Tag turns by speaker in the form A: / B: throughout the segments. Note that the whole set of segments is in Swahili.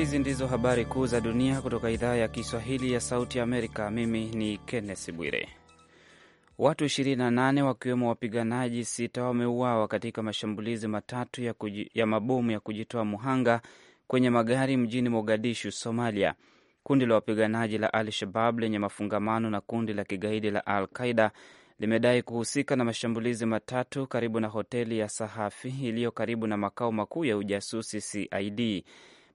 A: Hizi ndizo habari kuu za dunia kutoka idhaa ya Kiswahili ya Sauti ya Amerika. Mimi ni Kenneth Bwire. Watu 28 wakiwemo wapiganaji sita wameuawa katika mashambulizi matatu ya, ya mabomu ya kujitoa muhanga kwenye magari mjini Mogadishu, Somalia. Kundi la wapiganaji la Al Shabab lenye mafungamano na kundi la kigaidi la Al Qaida limedai kuhusika na mashambulizi matatu karibu na hoteli ya Sahafi iliyo karibu na makao makuu ya ujasusi CID.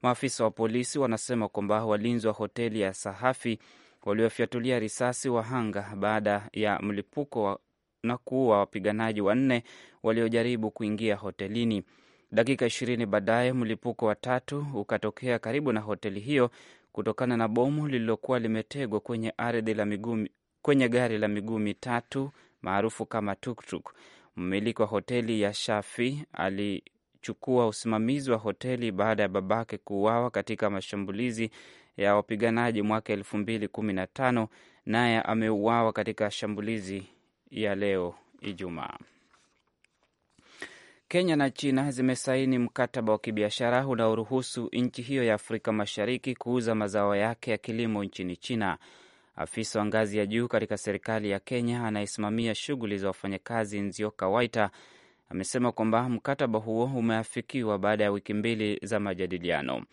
A: Maafisa wa polisi wanasema kwamba walinzi wa hoteli ya Sahafi waliofyatulia risasi wahanga baada ya mlipuko na kuua wapiganaji wanne waliojaribu kuingia hotelini. Dakika ishirini baadaye mlipuko wa tatu ukatokea karibu na hoteli hiyo kutokana na bomu lililokuwa limetegwa kwenye ardhi la miguu kwenye gari la miguu mitatu maarufu kama tuktuk. Mmiliki wa hoteli ya Shafi ali kuchukua usimamizi wa hoteli baada ya babake kuuawa katika mashambulizi ya wapiganaji mwaka elfu mbili kumi na tano. Naye ameuawa katika shambulizi ya leo Ijumaa. Kenya na China zimesaini mkataba wa kibiashara unaoruhusu nchi hiyo ya Afrika Mashariki kuuza mazao yake ya kilimo nchini China. Afisa wa ngazi ya juu katika serikali ya Kenya anayesimamia shughuli za wafanyakazi Nzioka Waita amesema kwamba mkataba huo umeafikiwa baada ya wiki mbili za majadiliano.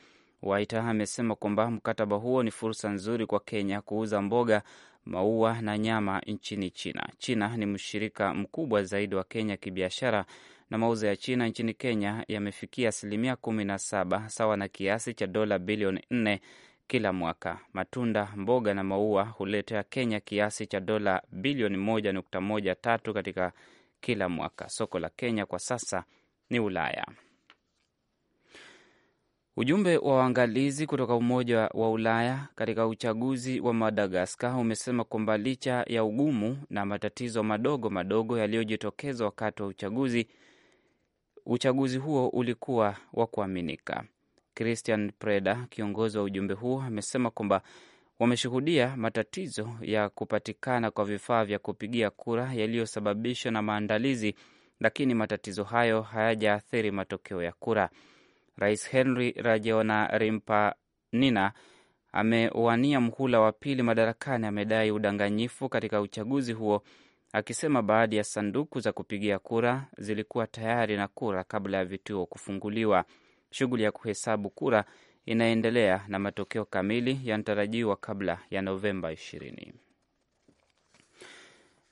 A: Waita amesema kwamba mkataba huo ni fursa nzuri kwa Kenya kuuza mboga, maua na nyama nchini China. China ni mshirika mkubwa zaidi wa Kenya kibiashara na mauzo ya China nchini Kenya yamefikia asilimia kumi na saba sawa na kiasi cha dola bilioni nne kila mwaka. Matunda, mboga na maua huletea Kenya kiasi cha dola bilioni moja nukta moja tatu katika kila mwaka. Soko la Kenya kwa sasa ni Ulaya. Ujumbe wa waangalizi kutoka Umoja wa Ulaya katika uchaguzi wa Madagaskar umesema kwamba licha ya ugumu na matatizo madogo madogo yaliyojitokeza wakati wa uchaguzi, uchaguzi huo ulikuwa wa kuaminika. Christian Preda, kiongozi wa ujumbe huo, amesema kwamba wameshuhudia matatizo ya kupatikana kwa vifaa vya kupigia kura yaliyosababishwa na maandalizi, lakini matatizo hayo hayajaathiri matokeo ya kura. Rais Henry Rajoelinarimampianina amewania mhula wa pili madarakani, amedai udanganyifu katika uchaguzi huo, akisema baadhi ya sanduku za kupigia kura zilikuwa tayari na kura kabla ya vituo kufunguliwa. Shughuli ya kuhesabu kura inaendelea na matokeo kamili yanatarajiwa kabla ya Novemba 20.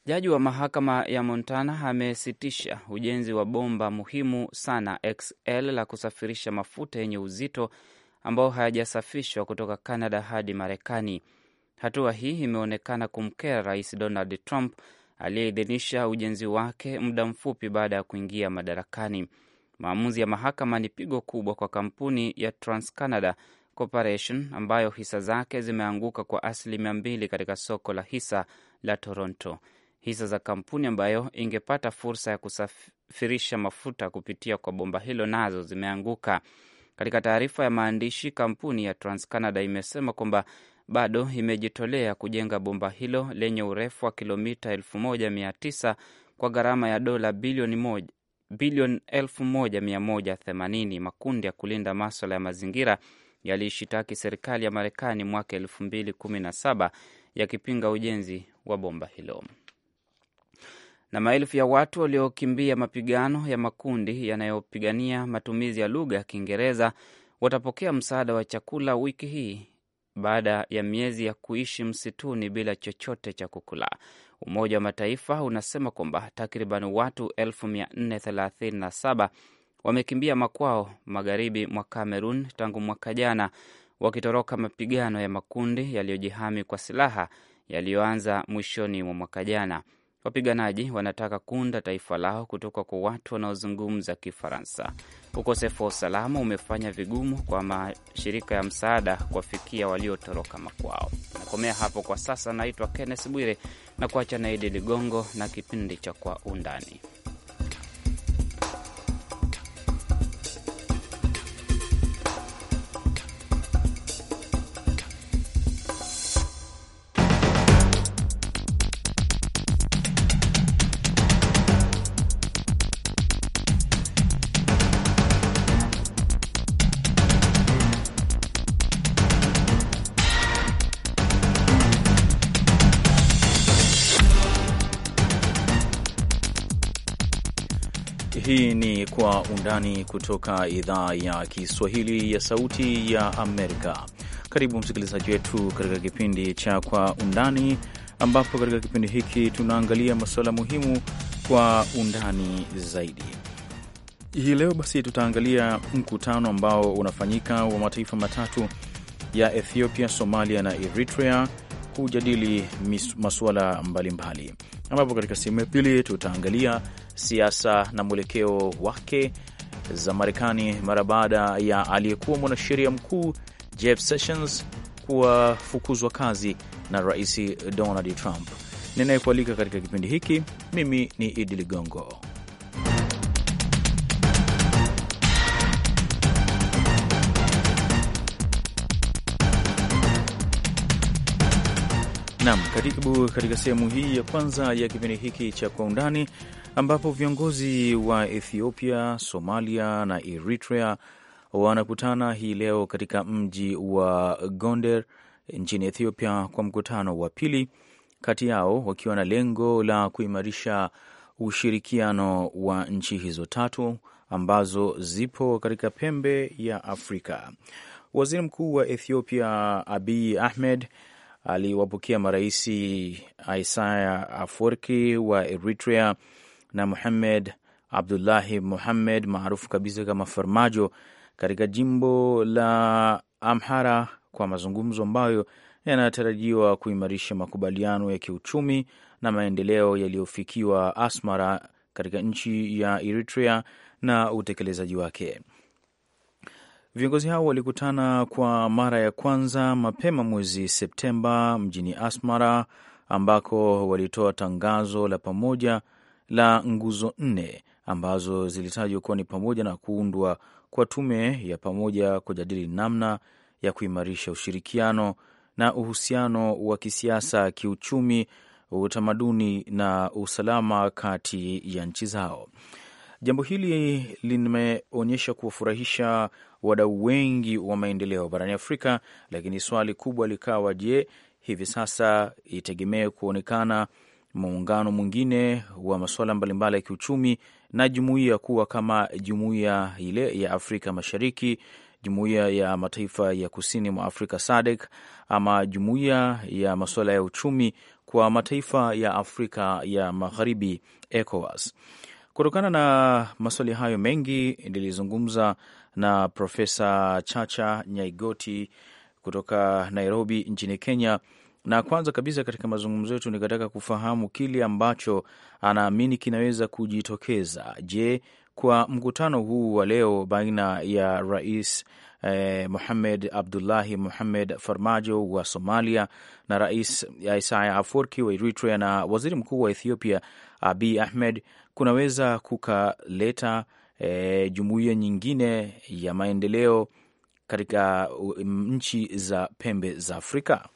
A: Jaji wa mahakama ya Montana amesitisha ujenzi wa bomba muhimu sana XL la kusafirisha mafuta yenye uzito ambao hayajasafishwa kutoka Canada hadi Marekani. Hatua hii imeonekana kumkera Rais Donald Trump aliyeidhinisha ujenzi wake muda mfupi baada ya kuingia madarakani. Maamuzi ya mahakama ni pigo kubwa kwa kampuni ya TransCanada Corporation ambayo hisa zake zimeanguka kwa asilimia mbili katika soko la hisa la Toronto. Hisa za kampuni ambayo ingepata fursa ya kusafirisha mafuta kupitia kwa bomba hilo nazo zimeanguka. Katika taarifa ya maandishi, kampuni ya TransCanada imesema kwamba bado imejitolea kujenga bomba hilo lenye urefu wa kilomita 1900 kwa gharama ya dola bilioni bilioni 1180 makundi ya kulinda maswala ya mazingira yaliishitaki serikali ya Marekani mwaka 2017 yakipinga ujenzi wa bomba hilo. Na maelfu ya watu waliokimbia mapigano ya makundi yanayopigania matumizi ya lugha ya Kiingereza watapokea msaada wa chakula wiki hii baada ya miezi ya kuishi msituni bila chochote cha kukula. Umoja wa Mataifa unasema kwamba takriban watu elfu wamekimbia makwao magharibi mwa Kamerun tangu mwaka jana wakitoroka mapigano ya makundi yaliyojihami kwa silaha yaliyoanza mwishoni mwa mwaka jana. Wapiganaji wanataka kunda taifa lao kutoka kwa watu wanaozungumza Kifaransa. Ukosefu wa usalama umefanya vigumu kwa mashirika ya msaada kuwafikia waliotoroka makwao. Nakomea hapo kwa sasa. Naitwa Kenneth Bwire na kuacha na Idi Ligongo na kipindi cha Kwa Undani.
B: undani kutoka idhaa ya Kiswahili ya Sauti ya Amerika. Karibu msikilizaji wetu katika kipindi cha Kwa Undani, ambapo katika kipindi hiki tunaangalia masuala muhimu kwa undani zaidi. Hii leo basi tutaangalia mkutano ambao unafanyika wa mataifa matatu ya Ethiopia, Somalia na Eritrea kujadili masuala mbalimbali, ambapo katika sehemu ya pili tutaangalia siasa na mwelekeo wake za Marekani mara baada ya aliyekuwa mwanasheria mkuu Jeff Sessions kuwafukuzwa kazi na Rais Donald Trump. Ninayekualika katika kipindi hiki mimi ni Idi Ligongo. Naam, karibu katika sehemu hii ya kwanza ya kipindi hiki cha Kwa Undani ambapo viongozi wa Ethiopia, Somalia na Eritrea wanakutana hii leo katika mji wa gonder nchini Ethiopia kwa mkutano wa pili kati yao wakiwa na lengo la kuimarisha ushirikiano wa nchi hizo tatu ambazo zipo katika pembe ya Afrika. Waziri Mkuu wa Ethiopia Abiy Ahmed aliwapokea maraisi Isaias Afwerki wa Eritrea na Muhamed Abdullahi Muhammed maarufu kabisa kama Farmajo katika jimbo la Amhara kwa mazungumzo ambayo yanatarajiwa kuimarisha makubaliano ya kiuchumi na maendeleo yaliyofikiwa Asmara katika nchi ya Eritrea na utekelezaji wake. Viongozi hao walikutana kwa mara ya kwanza mapema mwezi Septemba mjini Asmara ambako walitoa tangazo la pamoja la nguzo nne ambazo zilitajwa kuwa ni pamoja na kuundwa kwa tume ya pamoja kujadili namna ya kuimarisha ushirikiano na uhusiano wa kisiasa, kiuchumi, utamaduni na usalama kati ya nchi zao. Jambo hili limeonyesha kuwafurahisha wadau wengi wa maendeleo barani Afrika, lakini swali kubwa likawa, je, hivi sasa itegemee kuonekana muungano mwingine wa masuala mbalimbali ya kiuchumi na jumuiya kuwa kama jumuiya ile ya Afrika Mashariki, jumuiya ya mataifa ya kusini mwa Afrika SADC, ama jumuiya ya masuala ya uchumi kwa mataifa ya Afrika ya Magharibi, ECOWAS. Kutokana na maswali hayo mengi, nilizungumza na Profesa Chacha Nyaigoti kutoka Nairobi nchini Kenya na kwanza kabisa katika mazungumzo yetu nikataka kufahamu kile ambacho anaamini kinaweza kujitokeza. Je, kwa mkutano huu wa leo baina ya rais eh, Muhamed Abdullahi Muhamed Farmajo wa Somalia na rais Isaya Afwerki wa Eritrea na waziri mkuu wa Ethiopia Abiy Ahmed kunaweza kukaleta eh, jumuiya nyingine ya maendeleo katika eh, nchi za pembe za Afrika?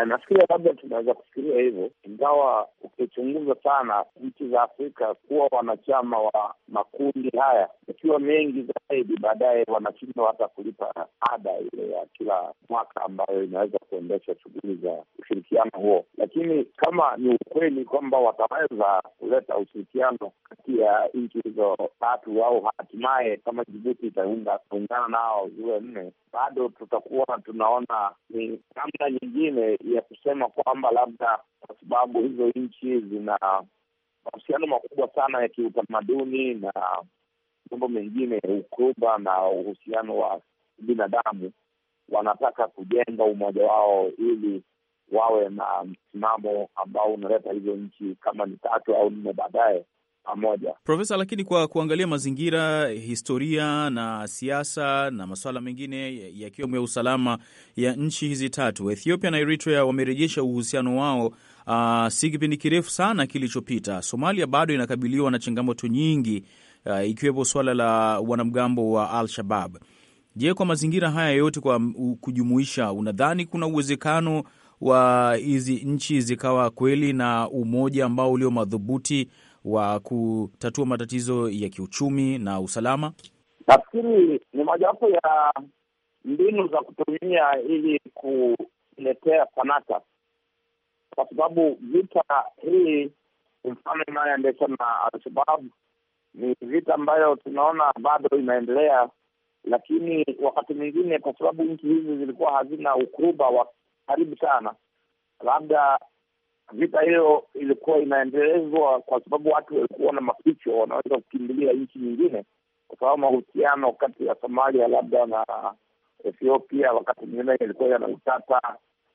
C: Eh, Nafikiria labda tunaweza kufikiria hivyo, ingawa ukichunguza sana nchi za Afrika kuwa wanachama wa makundi haya ikiwa mengi zaidi, baadaye wanashindwa hata kulipa ada ile ya kila mwaka ambayo inaweza kuendesha shughuli za ushirikiano huo. Lakini kama ni ukweli kwamba wataweza kuleta ushirikiano kati ya nchi hizo tatu, au hatimaye kama Jibuti itaungana nao ziwe nne, bado tutakuwa tunaona ni namna nyingine ya kusema kwamba labda kwa sababu hizo nchi zina mahusiano makubwa sana ya kiutamaduni na mambo mengine, ya ukuba na uhusiano wa binadamu, wanataka kujenga umoja wao ili wawe na msimamo ambao unaleta hizo nchi kama ni tatu au nne baadaye pamoja,
B: Profesa. Lakini kwa kuangalia mazingira, historia na siasa na masuala mengine yakiwemo ya usalama ya nchi hizi tatu, Ethiopia na Eritrea wamerejesha uhusiano wao uh, si kipindi kirefu sana kilichopita. Somalia bado inakabiliwa na changamoto nyingi uh, ikiwepo suala la wanamgambo wa Al-Shabab. Je, kwa mazingira haya yote kwa um, kujumuisha, unadhani kuna uwezekano wa hizi nchi zikawa kweli na umoja ambao ulio madhubuti wa kutatua matatizo ya kiuchumi na usalama?
C: Nafikiri ni mojawapo ya mbinu za kutumia ili kuletea sanata kwa sababu vita hii mfano inayoendeshwa na Al-Shabab ni vita ambayo tunaona bado inaendelea, lakini wakati mwingine, kwa sababu nchi hizi zilikuwa hazina ukuruba wa karibu sana, labda vita hiyo ilikuwa inaendelezwa kwa sababu watu walikuwa na maficho, wanaweza kukimbilia nchi nyingine, kwa sababu mahusiano kati ya Somalia labda na Ethiopia wakati mwingine ilikuwa yana utata,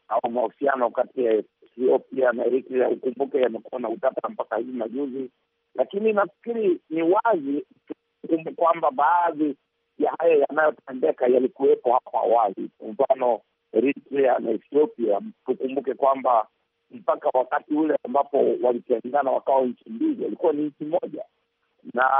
C: au mahusiano kati ya Ethiopia na Eritrea, ukumbuke, yamekuwa na utata mpaka hivi majuzi. Lakini nafikiri ni wazi kwamba baadhi ya haya yanayotendeka yalikuwepo hapo awali. Kwa mfano Eritrea na Ethiopia, tukumbuke kwamba mpaka wakati ule ambapo walitengana wakawa nchi mbili, walikuwa ni nchi moja. Na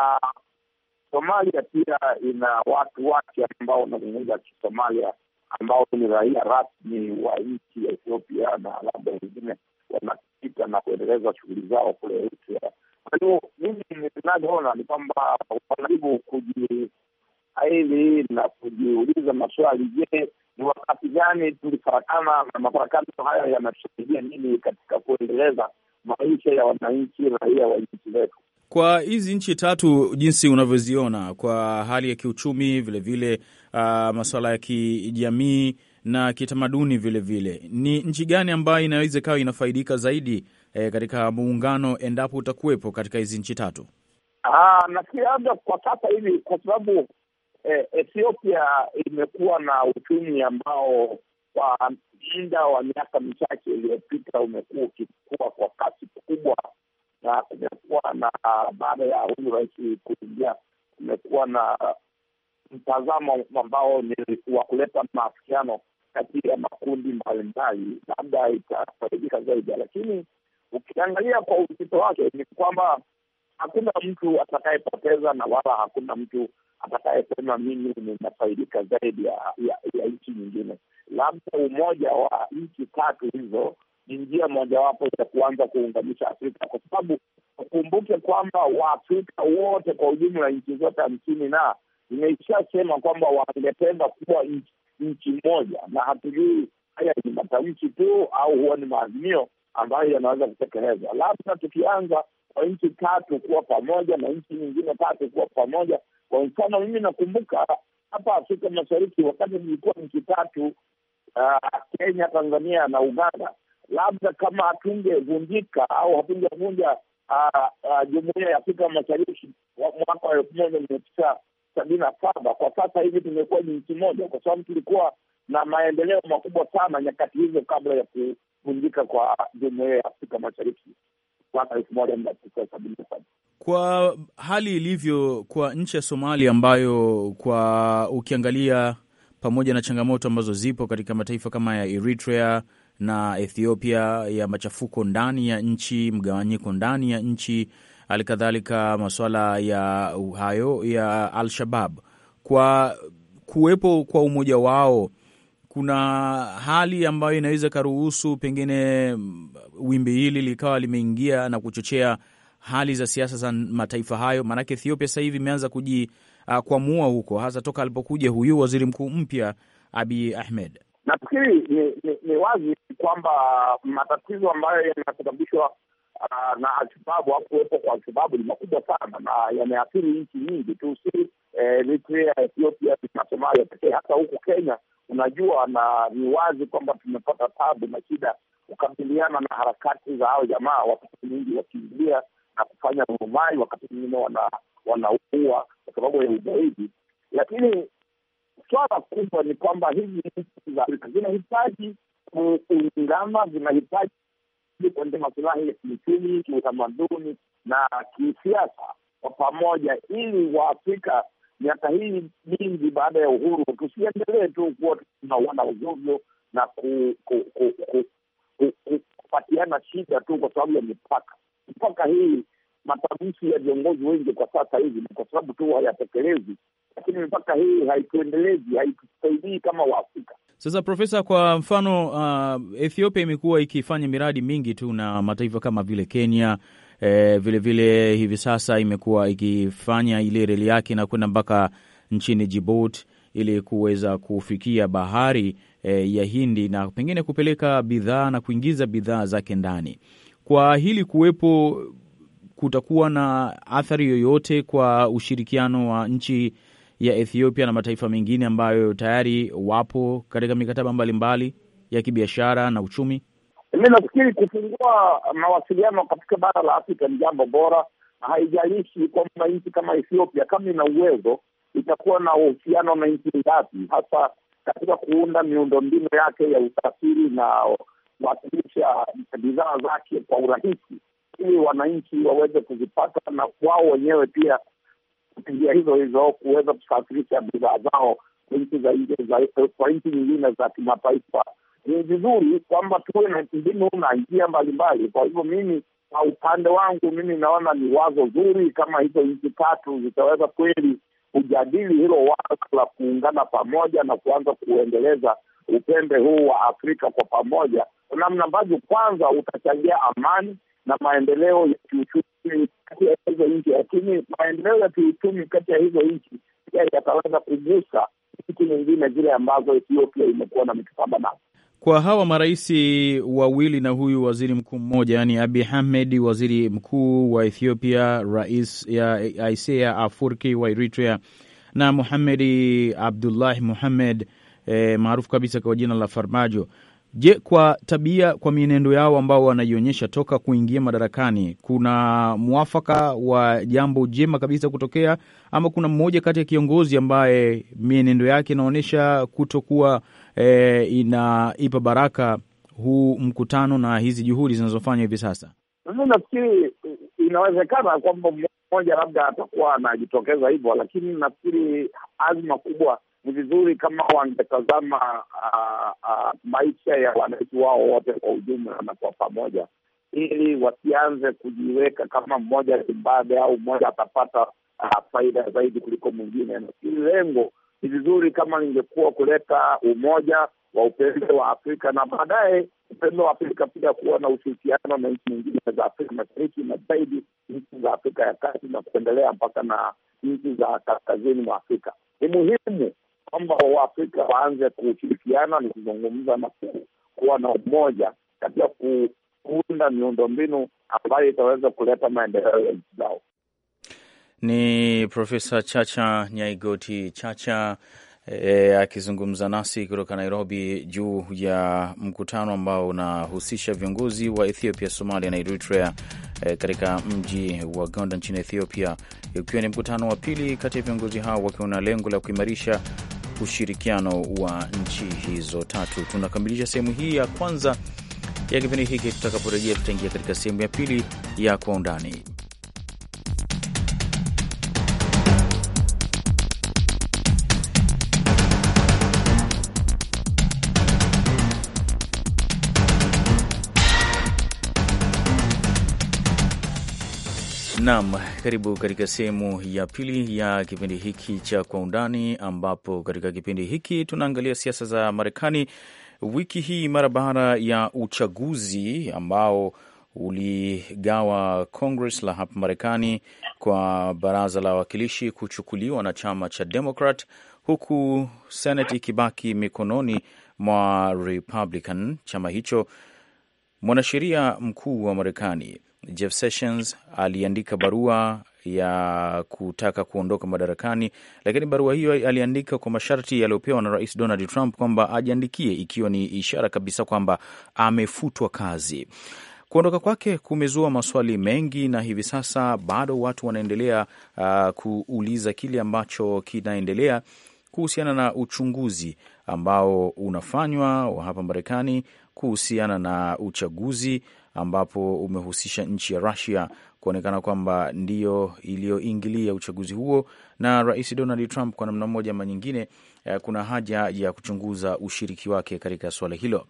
C: Somalia pia ina watu wake ambao wanazungumza Kisomalia ambao ni raia rasmi wa nchi ya Ethiopia na labda wengine wanapita na kuendeleza shughuli zao kule Eritrea. Kwa hiyo mimi ninavyoona ni kwamba wanajaribu kujiaili na kujiuliza maswali, je, ni wakati gani tulifarakana na mafarakano haya yanatusaidia nini katika kuendeleza maisha ya wananchi raia wa nchi zetu.
B: Kwa hizi nchi tatu jinsi unavyoziona kwa hali ya kiuchumi, vilevile ah, masuala ya kijamii na kitamaduni vilevile, ni nchi gani ambayo inaweza ikawa inafaidika zaidi eh, katika muungano endapo utakuwepo katika hizi nchi tatu?
C: Ah, nafikiri labda kwa sasa hivi, kwa sababu eh, Ethiopia imekuwa na uchumi ambao kwa muda wa miaka michache iliyopita umekuwa ukikua kwa kasi kubwa, na kumekuwa na baada ya huyu rais kuingia, kumekuwa na mtazamo ambao ni wa kuleta maafikiano kati ya makundi mbalimbali, labda itafaidika zaidi. Lakini ukiangalia kwa uzito wake ni kwamba hakuna mtu atakayepoteza na wala hakuna mtu atakayesema mimi ninafaidika zaidi ya, ya, ya nchi nyingine. Labda umoja wa nchi tatu hizo ni njia mojawapo ya kuanza kuunganisha Afrika kwa sababu ukumbuke kwamba Waafrika wote kwa ujumla, nchi zote hamsini na zimeshasema kwamba wangependa kuwa nchi, nchi moja, na hatujui haya ni matamshi tu au huwa ni maazimio ambayo yanaweza kutekelezwa. Labda tukianza kwa nchi tatu kuwa pamoja na nchi nyingine tatu kuwa pamoja, kwa mfano, mimi nakumbuka hapa Afrika Mashariki wakati nilikuwa nchi tatu, uh, Kenya, Tanzania na Uganda, labda kama hatungevunjika au hatungevunja uh, uh, jumuiya ya Afrika Mashariki mwaka wa elfu moja mia tisa sabini na saba, kwa sasa hivi tumekuwa ni nchi moja, kwa sababu tulikuwa na maendeleo makubwa sana nyakati hizo kabla ya kuvunjika kwa jumuiya ya Afrika Mashariki mwaka elfu moja mia tisa sabini na saba.
B: Kwa hali ilivyo kwa nchi ya Somalia ambayo kwa ukiangalia pamoja na changamoto ambazo zipo katika mataifa kama ya Eritrea na Ethiopia ya machafuko ndani ya nchi, mgawanyiko ndani ya nchi, hali kadhalika masuala ya hayo ya Al-Shabab, kwa kuwepo kwa umoja wao kuna hali ambayo inaweza ikaruhusu pengine wimbi hili likawa limeingia na kuchochea hali za siasa za mataifa hayo? Maanake Ethiopia sasa hivi imeanza kujikwamua uh, huko hasa toka alipokuja huyu waziri mkuu mpya Abiy Ahmed.
C: Nafikiri ni, ni, ni wazi kwamba matatizo ambayo yanasababishwa uh, na Alshababu au kuwepo kwa Alshababu ni makubwa sana na yameathiri nchi nyingi tu, si eh, Eritrea, Ethiopia na Somalia pekee, hata huku Kenya unajua, na ni wazi kwamba tumepata tabu na shida kukabiliana na harakati za hao jamaa, wakati mwingi wakiingilia na kufanya urumai, wakati mwingine wanaua kwa sababu ya ugaidi. Lakini swala kubwa ni kwamba hizi nchi za Afrika zinahitaji kuungana, zinahitaji kuende masilahi ya kiuchumi, kiutamaduni na kisiasa kwa pamoja, ili Waafrika miaka hii mingi baada ya uhuru tusiendelee tu kuwa tunauana uzovyo na kupatiana shida tu kwa sababu ya mipaka mpaka hii matamshi ya viongozi wengi kwa sasa hivi ni kwa sababu tu hayatekelezi, lakini mipaka hii haituendelezi, haitusaidii kama Waafrika.
B: Sasa Profesa, kwa mfano uh, Ethiopia imekuwa ikifanya miradi mingi tu na mataifa kama vile Kenya vilevile eh, vile hivi sasa imekuwa ikifanya ile reli yake na kwenda mpaka nchini Djibouti ili kuweza kufikia bahari eh, ya Hindi na pengine kupeleka bidhaa na kuingiza bidhaa zake ndani kwa hili kuwepo kutakuwa na athari yoyote kwa ushirikiano wa nchi ya Ethiopia na mataifa mengine ambayo tayari wapo katika mikataba mbalimbali mbali ya kibiashara na uchumi?
C: Mi nafikiri kufungua mawasiliano katika bara la Afrika ni jambo bora, haijalishi kwamba nchi kama Ethiopia kama ina uwezo itakuwa na uhusiano na nchi ngapi, hasa katika kuunda miundombinu yake ya usafiri na kuwasilisha bidhaa zake kwa urahisi, ili wananchi waweze kuzipata na wao wenyewe pia kupitia hizo hizo kuweza kusafirisha bidhaa zao nchi za nje kwa nchi nyingine za kimataifa. Ni vizuri kwamba tuwe na mbinu na njia mbalimbali. Kwa hivyo mimi kwa upande wangu mimi naona ni wazo zuri kama hizo nchi tatu zitaweza kweli kujadili hilo wazo la kuungana pamoja na kuanza kuendeleza upembe huu wa Afrika kwa pamoja namna ambavyo kwanza utachangia amani na maendeleo ya kiuchumi kati ya hizo nchi, lakini maendeleo ya kiuchumi kati ya hizo nchi pia yataweza kugusa nchi nyingine zile ambazo Ethiopia imekuwa na mikataba nazo.
B: Kwa hawa marais wawili na huyu waziri mkuu mmoja, yani Abi Ahmed, waziri mkuu wa Ethiopia, rais isea Afwerki wa Eritrea na Muhamedi Abdullahi Muhammed eh, maarufu kabisa kwa jina la Farmajo. Je, kwa tabia, kwa mienendo yao ambao wanaionyesha toka kuingia madarakani, kuna mwafaka wa jambo jema kabisa kutokea, ama kuna mmoja kati ya kiongozi ambaye mienendo yake inaonyesha kutokuwa e, inaipa baraka huu mkutano na hizi juhudi zinazofanywa hivi sasa?
C: Mimi nafikiri eh, inawezekana kwamba mmoja labda atakuwa anajitokeza hivyo, lakini nafikiri azma kubwa ni vizuri kama wangetazama ah, ah, maisha ya wananchi wao wote kwa ujumla na kwa pamoja, ili wasianze kujiweka kama mmoja kibabe au mmoja atapata ah, faida zaidi kuliko mwingine. Nafikiri lengo ni vizuri kama lingekuwa kuleta umoja wa upendo wa Afrika na baadaye upendo wa Afrika pia kuwa na ushirikiano na nchi nyingine za Afrika Mashariki na zaidi nchi za Afrika ya Kati na kuendelea mpaka na nchi za kaskazini mwa Afrika. Ni muhimu kwamba Waafrika waanze kushirikiana na kuzungumza na kuwa na umoja katika kuunda miundombinu ambayo itaweza kuleta maendeleo ya nchi zao.
B: Ni Profesa Chacha Nyaigoti Chacha e, akizungumza nasi kutoka Nairobi juu ya mkutano ambao unahusisha viongozi wa Ethiopia, Somalia na Eritrea e, katika mji wa Gondar nchini Ethiopia, ikiwa ni mkutano wa pili kati ya viongozi hao wakiwa na lengo la kuimarisha ushirikiano wa nchi hizo tatu. Tunakamilisha sehemu hii ya kwanza ya kipindi hiki. Tutakaporejea tutaingia katika sehemu ya pili ya kwa undani. Naam, karibu katika sehemu ya pili ya kipindi hiki cha Kwa Undani, ambapo katika kipindi hiki tunaangalia siasa za Marekani wiki hii mara baada ya uchaguzi ambao uligawa Congress la hapa Marekani kwa baraza la wawakilishi kuchukuliwa na chama cha Democrat, huku Senate ikibaki mikononi mwa Republican, chama hicho. Mwanasheria mkuu wa Marekani Jeff Sessions aliandika barua ya kutaka kuondoka madarakani, lakini barua hiyo aliandika kwa masharti yaliyopewa na Rais Donald Trump kwamba ajiandikie, ikiwa ni ishara kabisa kwamba amefutwa kazi. Kuondoka kwake kumezua maswali mengi, na hivi sasa bado watu wanaendelea uh, kuuliza kile ambacho kinaendelea kuhusiana na uchunguzi ambao unafanywa wa hapa Marekani kuhusiana na uchaguzi ambapo umehusisha nchi ya rusia kuonekana kwamba ndiyo iliyoingilia uchaguzi huo, na Rais Donald Trump kwa namna moja ama nyingine, eh, kuna haja ya kuchunguza ushiriki wake katika suala hilo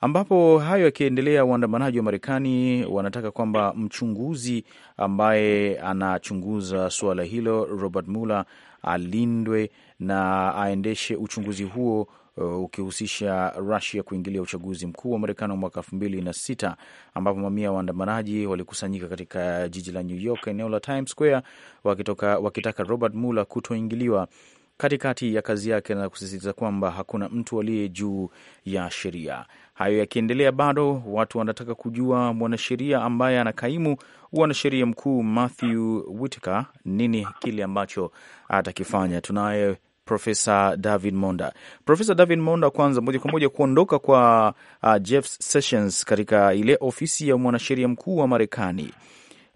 B: ambapo hayo yakiendelea, waandamanaji wa Marekani wanataka kwamba mchunguzi ambaye anachunguza suala hilo Robert Mueller alindwe na aendeshe uchunguzi huo uh, ukihusisha Rusia kuingilia uchaguzi mkuu wa Marekani wa mwaka elfu mbili na sita ambapo mamia ya waandamanaji walikusanyika katika jiji la New York, eneo la Times Square, wakitoka, wakitaka Robert Mueller kutoingiliwa katikati ya kazi yake na kusisitiza kwamba hakuna mtu aliye juu ya sheria. Hayo yakiendelea, bado watu wanataka kujua mwanasheria ambaye anakaimu mwanasheria mkuu Matthew Whitaker, nini kile ambacho atakifanya. Tunaye Profesa David Monda. Profesa David Monda, kwanza moja kwa moja kuondoka kwa uh, Jeff Sessions katika ile ofisi ya mwanasheria mkuu wa Marekani,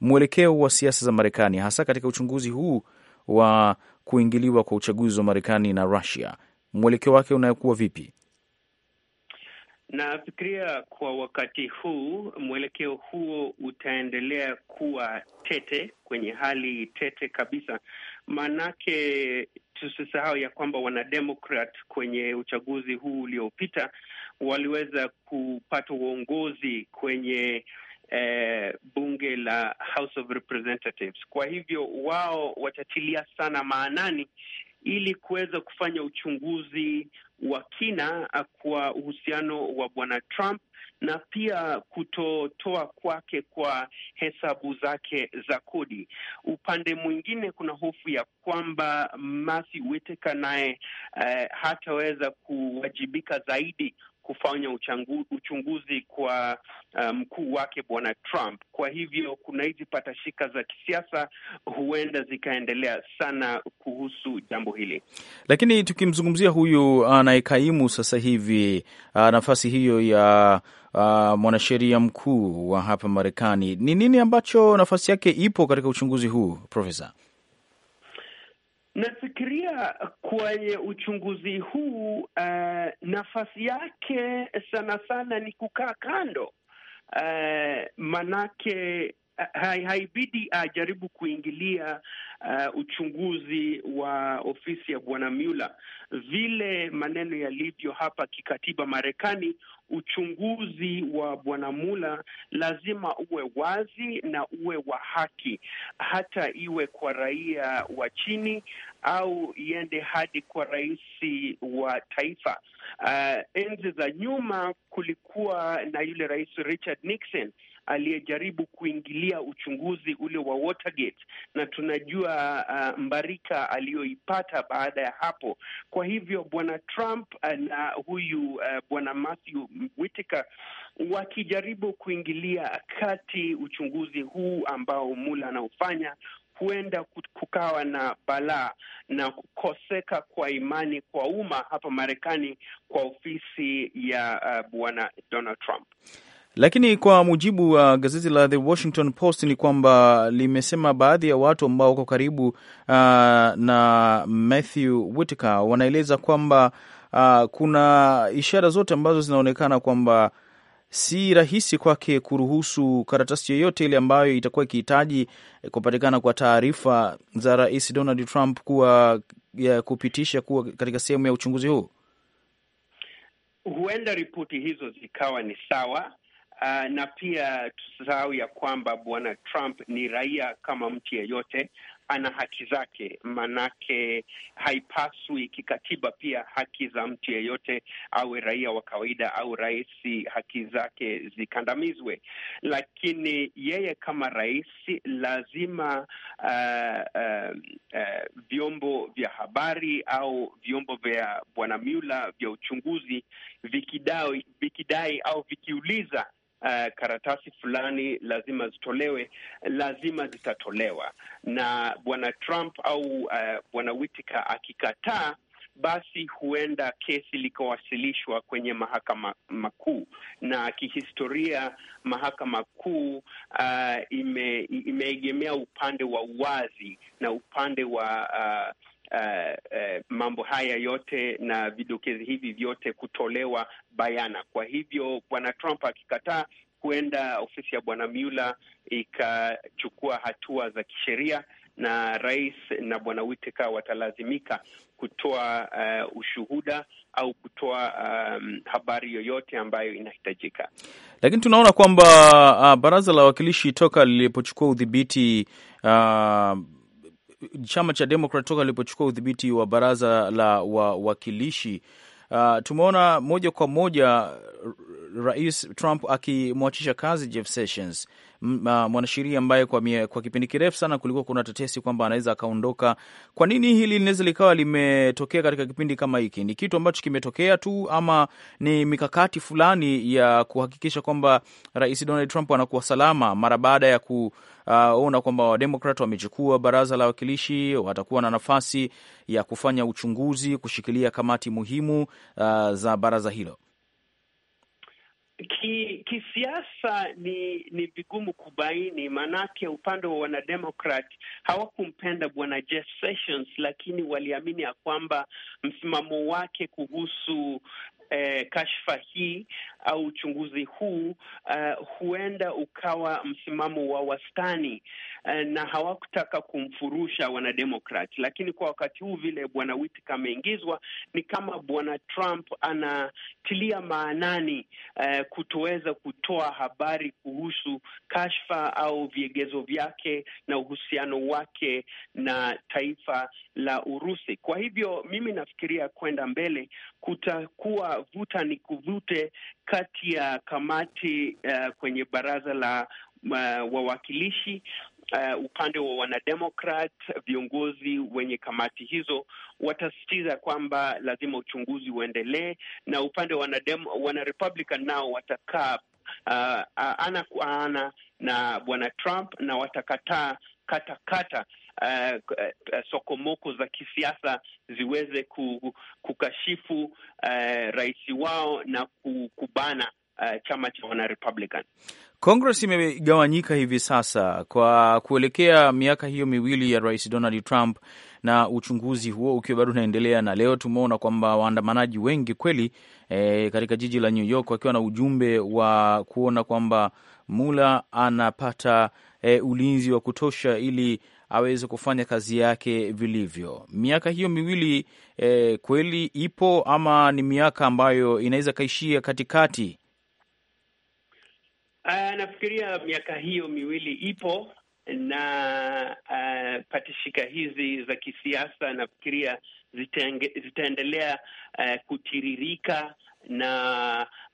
B: mwelekeo wa siasa za Marekani hasa katika uchunguzi huu wa kuingiliwa kwa uchaguzi wa Marekani na Russia, mwelekeo wake unayokuwa vipi?
D: Nafikiria kwa wakati huu mwelekeo huo utaendelea kuwa tete, kwenye hali tete kabisa, Maanake tusisahau ya kwamba wanademokrat kwenye uchaguzi huu uliopita waliweza kupata uongozi kwenye eh, bunge la House of Representatives. Kwa hivyo wao watatilia sana maanani ili kuweza kufanya uchunguzi wa kina kwa uhusiano wa bwana Trump na pia kutotoa kwake kwa hesabu zake za kodi. Upande mwingine, kuna hofu ya kwamba Matthew Whitaker naye eh, hataweza kuwajibika zaidi kufanya uchangu, uchunguzi kwa eh, mkuu um, wake bwana Trump. Kwa hivyo kuna hizi patashika za kisiasa huenda zikaendelea sana kuhusu jambo hili,
B: lakini tukimzungumzia huyu anayekaimu ah, sasa hivi ah, nafasi hiyo ya Ah, mwanasheria mkuu wa hapa Marekani. Ni nini ambacho nafasi yake ipo katika uchunguzi huu Profesa?
D: Nafikiria kwenye uchunguzi huu uh, nafasi yake sana sana ni kukaa kando uh, manake haibidi ajaribu kuingilia uh, uchunguzi wa ofisi ya bwana Mueller vile maneno yalivyo hapa kikatiba Marekani. Uchunguzi wa bwana Mueller lazima uwe wazi na uwe wa haki, hata iwe kwa raia wa chini au iende hadi kwa rais wa taifa. Uh, enzi za nyuma kulikuwa na yule rais Richard Nixon aliyejaribu kuingilia uchunguzi ule wa Watergate, na tunajua uh, mbarika aliyoipata baada ya hapo. Kwa hivyo bwana Trump uh, na huyu uh, bwana Matthew Whitaker wakijaribu kuingilia kati uchunguzi huu ambao Mula anaofanya huenda kukawa na balaa na kukoseka kwa imani kwa umma hapa Marekani kwa ofisi ya uh, bwana Donald Trump.
B: Lakini kwa mujibu wa uh, gazeti la The Washington Post ni kwamba limesema baadhi ya watu ambao wako karibu uh, na Matthew Whitaker wanaeleza kwamba uh, kuna ishara zote ambazo zinaonekana kwamba si rahisi kwake kuruhusu karatasi yoyote ile ambayo itakuwa ikihitaji kupatikana kwa taarifa za Rais Donald Trump kuwa ya kupitisha kuwa katika sehemu ya uchunguzi huu.
D: Huenda ripoti hizo zikawa ni sawa Uh, na pia tusisahau ya kwamba bwana Trump ni raia kama mtu yeyote, ana haki zake, manake haipaswi kikatiba pia haki za mtu yeyote, awe raia wa kawaida au rais, haki zake zikandamizwe. Lakini yeye kama rais lazima uh, uh, uh, vyombo vya habari au vyombo vya bwana Mueller vya uchunguzi vikidai, vikidai au vikiuliza uh, karatasi fulani lazima zitolewe, lazima zitatolewa na bwana Trump au uh, bwana Whitaker akikataa basi huenda kesi likawasilishwa kwenye mahakama makuu, na kihistoria mahakama kuu uh, ime, imeegemea upande wa uwazi na upande wa uh, uh, uh, mambo haya yote na vidokezi hivi vyote kutolewa bayana. Kwa hivyo bwana Trump akikataa, kuenda ofisi ya bwana Mueller ikachukua hatua za kisheria na rais na bwana Whitaker watalazimika kutoa uh, ushuhuda au kutoa um, habari yoyote ambayo inahitajika.
B: Lakini tunaona kwamba uh, baraza la wawakilishi toka lilipochukua udhibiti uh, chama cha Demokrat toka alipochukua udhibiti wa baraza la wawakilishi uh, tumeona moja kwa moja Rais Trump akimwachisha kazi Jeff Sessions Uh, mwanasheria ambaye kwa, kwa kipindi kirefu sana kulikuwa kuna tetesi kwamba anaweza akaondoka. Kwa nini hili linaweza likawa limetokea katika kipindi kama hiki? Ni kitu ambacho kimetokea tu ama ni mikakati fulani ya kuhakikisha kwamba Rais Donald Trump anakuwa salama mara baada ya ku Uh, ona kwamba wademokrat wamechukua baraza la wawakilishi, watakuwa na nafasi ya kufanya uchunguzi, kushikilia kamati muhimu uh, za baraza hilo
D: ki, kisiasa ni ni vigumu kubaini, maanake upande wa wanademokrat hawakumpenda bwana Jeff Sessions, lakini waliamini ya kwamba msimamo wake kuhusu eh, kashfa hii au uchunguzi huu uh, huenda ukawa msimamo wa wastani uh, na hawakutaka kumfurusha wanademokrat, lakini kwa wakati huu vile bwana Whitaker ameingizwa, ni kama bwana Trump anatilia maanani uh, kutoweza kutoa habari kuhusu kashfa au viegezo vyake na uhusiano wake na taifa la Urusi. Kwa hivyo mimi nafikiria kwenda mbele kutakuwa vuta ni kuvute kati ya kamati uh, kwenye baraza la uh, wawakilishi Uh, upande wa wanademokrat viongozi wenye kamati hizo watasitiza kwamba lazima uchunguzi uendelee, na upande wa wanarepublican nao watakaa uh, ana kwa ana na bwana Trump na watakataa katakata uh, sokomoko za kisiasa ziweze kukashifu uh, rais wao na kubana Uh, chama cha wanarepublican.
B: Congress imegawanyika hivi sasa kwa kuelekea miaka hiyo miwili ya Rais Donald Trump na uchunguzi huo ukiwa bado unaendelea, na leo tumeona kwamba waandamanaji wengi kweli e, katika jiji la New York wakiwa na ujumbe wa kuona kwamba Mula anapata e, ulinzi wa kutosha ili aweze kufanya kazi yake vilivyo. Miaka hiyo miwili e, kweli ipo ama ni miaka ambayo inaweza kaishia katikati?
D: Uh, nafikiria miaka hiyo miwili ipo na uh, patishika hizi za kisiasa nafikiria zitaendelea uh, kutiririka na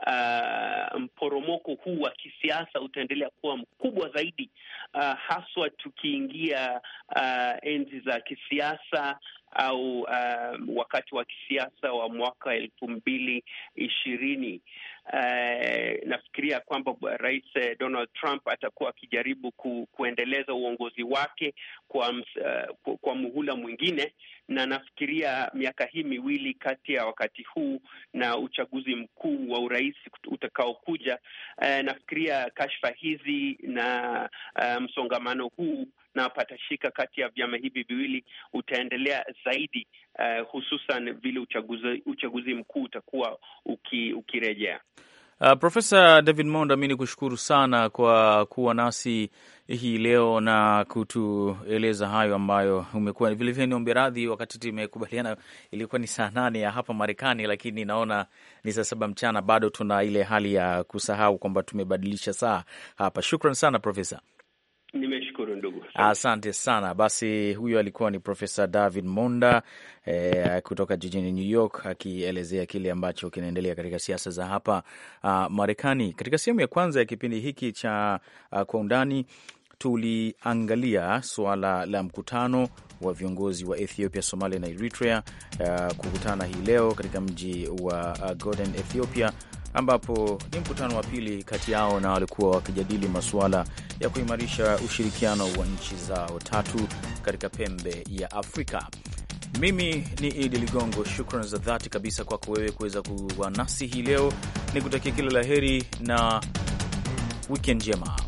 D: uh, mporomoko huu wa kisiasa utaendelea kuwa mkubwa zaidi uh, haswa tukiingia uh, enzi za kisiasa au uh, wakati wa kisiasa wa mwaka elfu mbili ishirini Eh, nafikiria kwamba Rais eh, Donald Trump atakuwa akijaribu ku, kuendeleza uongozi wake kwa, uh, kwa muhula mwingine, na nafikiria miaka hii miwili kati ya wakati huu na uchaguzi mkuu wa urais utakaokuja, uh, nafikiria kashfa hizi na uh, msongamano huu na patashika kati ya vyama hivi viwili utaendelea zaidi, uh, hususan vile uchaguzi, uchaguzi mkuu utakuwa uki, ukirejea.
B: Uh, Profesa David Monda, mi ni kushukuru sana kwa kuwa nasi hii leo na kutueleza hayo ambayo umekuwa. Vilevile niombe radhi, wakati tumekubaliana ilikuwa ni saa nane ya hapa Marekani, lakini naona ni saa saba mchana. Bado tuna ile hali ya kusahau kwamba tumebadilisha saa hapa. Shukran sana Profesa.
D: Nimeshukuru ndugu,
B: asante sana. Basi huyo alikuwa ni Profesa David Monda eh, kutoka jijini New York akielezea kile ambacho kinaendelea katika siasa za hapa uh, Marekani. Katika sehemu ya kwanza ya kipindi hiki cha uh, kwa undani tuliangalia suala la mkutano wa viongozi wa Ethiopia, Somalia na Eritrea uh, kukutana hii leo katika mji wa uh, Ethiopia ambapo ni mkutano wa pili kati yao na walikuwa wakijadili masuala ya kuimarisha ushirikiano wa nchi zao tatu katika pembe ya Afrika. Mimi ni Idi Ligongo, shukran za dhati kabisa kwako wewe kuweza kuwa nasi hii leo. Ni kutakia kila la heri na wikend njema.